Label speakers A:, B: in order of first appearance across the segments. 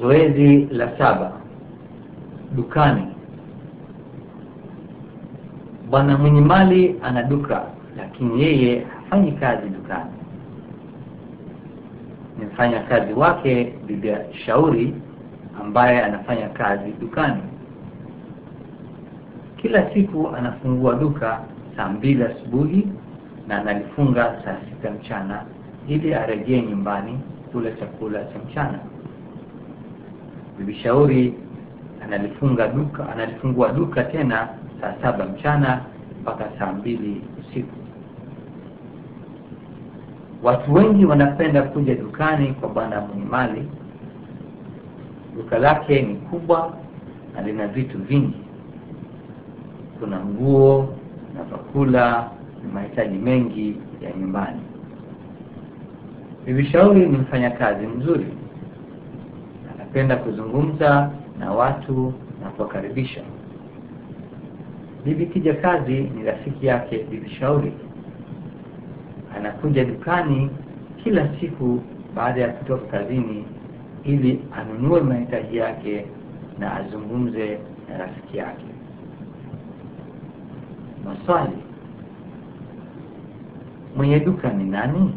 A: Zoezi la saba, dukani. Bwana mwenye mali ana duka, lakini yeye hafanyi kazi dukani. Ni mfanya kazi wake bibi shauri, ambaye anafanya kazi dukani. Kila siku anafungua duka saa mbili asubuhi na analifunga saa sita mchana ili arejee nyumbani kule chakula cha mchana. Bibi Shauri analifunga duka, analifungua duka tena saa saba mchana mpaka saa mbili usiku. Watu wengi wanapenda kuja dukani kwa Bwana mwenye mali. Duka lake ni kubwa na lina vitu vingi, kuna nguo na vakula na mahitaji mengi ya nyumbani. Bibi Shauri ni mfanyakazi mzuri hupenda kuzungumza na watu na kuwakaribisha. Bibi kija kazi ni rafiki yake Bibi Shauri, anakuja dukani kila siku baada ya kutoka kazini ili anunue mahitaji yake na azungumze na rafiki yake. Maswali: mwenye duka ni nani?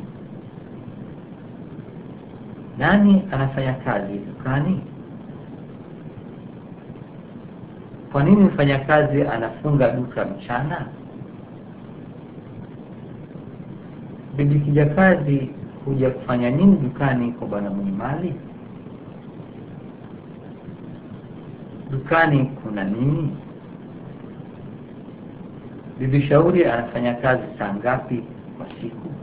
A: Nani anafanya kazi dukani? Kwa nini mfanyakazi anafunga duka mchana? Bibi kijakazi huja kufanya nini dukani kwa bwana mwenye mali? Dukani kuna nini? Bibi shauri anafanya kazi saa ngapi kwa siku?